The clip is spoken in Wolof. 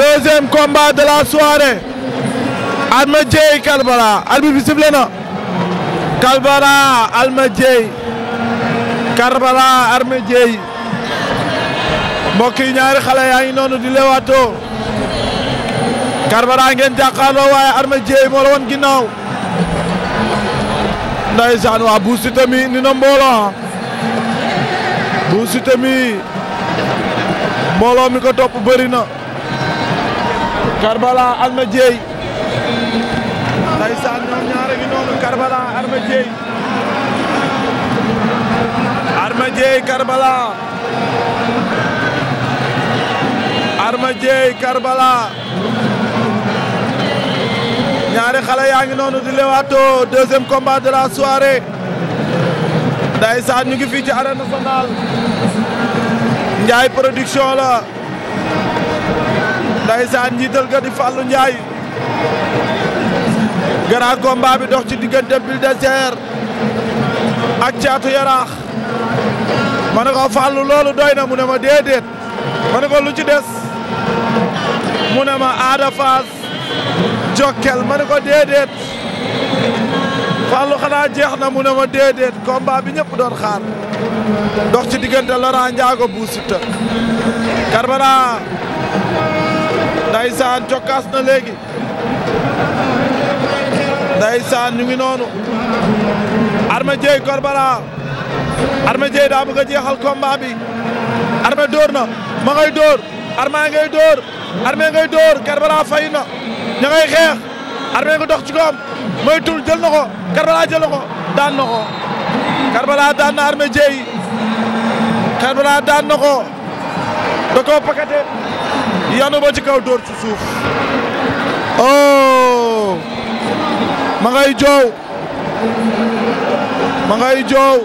deuxième combat de la soirée Kalbara arbitre Kalbara Alma Dieye yi ñaari xale yaa noonu di leewaatoo Kalbara ngeen jàkkaarloo waaye Alma moo la woon ginnaaw ndeysaan waa Bou Siteu mi ni na mbooloo ah. Bou Siteu mi ko topp bëri Karbala Alma Dieye ndeysaan ñoom ñaar a ngi noonu Karbala Alma Dieye Karbala Alma Dieye ñaari xale yaa ngi noonu di lewaatoo deuxième combat de la soirée ndeysaan ñu ngi fii ci arène nationale Ndiaye la ndaysaan njiital ga di Fallou Ndiaye grand combat bi dox ci diggante Bulldozer ak Caatu Yaraax ma ne ko Fallou loolu doy na mu ne ma déedéet ma ne ko lu ci des mu ne ma Ada Fass Jokkel ma ko déedéet Fallou xanaa jeex na mu ne ma déedéet combat bi ñëpp doon xaar dox ci diggante Laurent Ndiago bu Siteu Karbala ndaysaan cokkaas na léegi ndaysaan ñu ngi noonu Armé Dieye Kor Bara Armé Dieye daa bëgg a jeexal na ma ngay dóor Armé ngay dóor Armé ngay dóor Kor Bara fay na jël na ko jël na ko daan na ko daan na Armé Dieye daan na ko pakate yanu ba ci kaw dóor ci suuf oh ma ngay joow ma ngay joow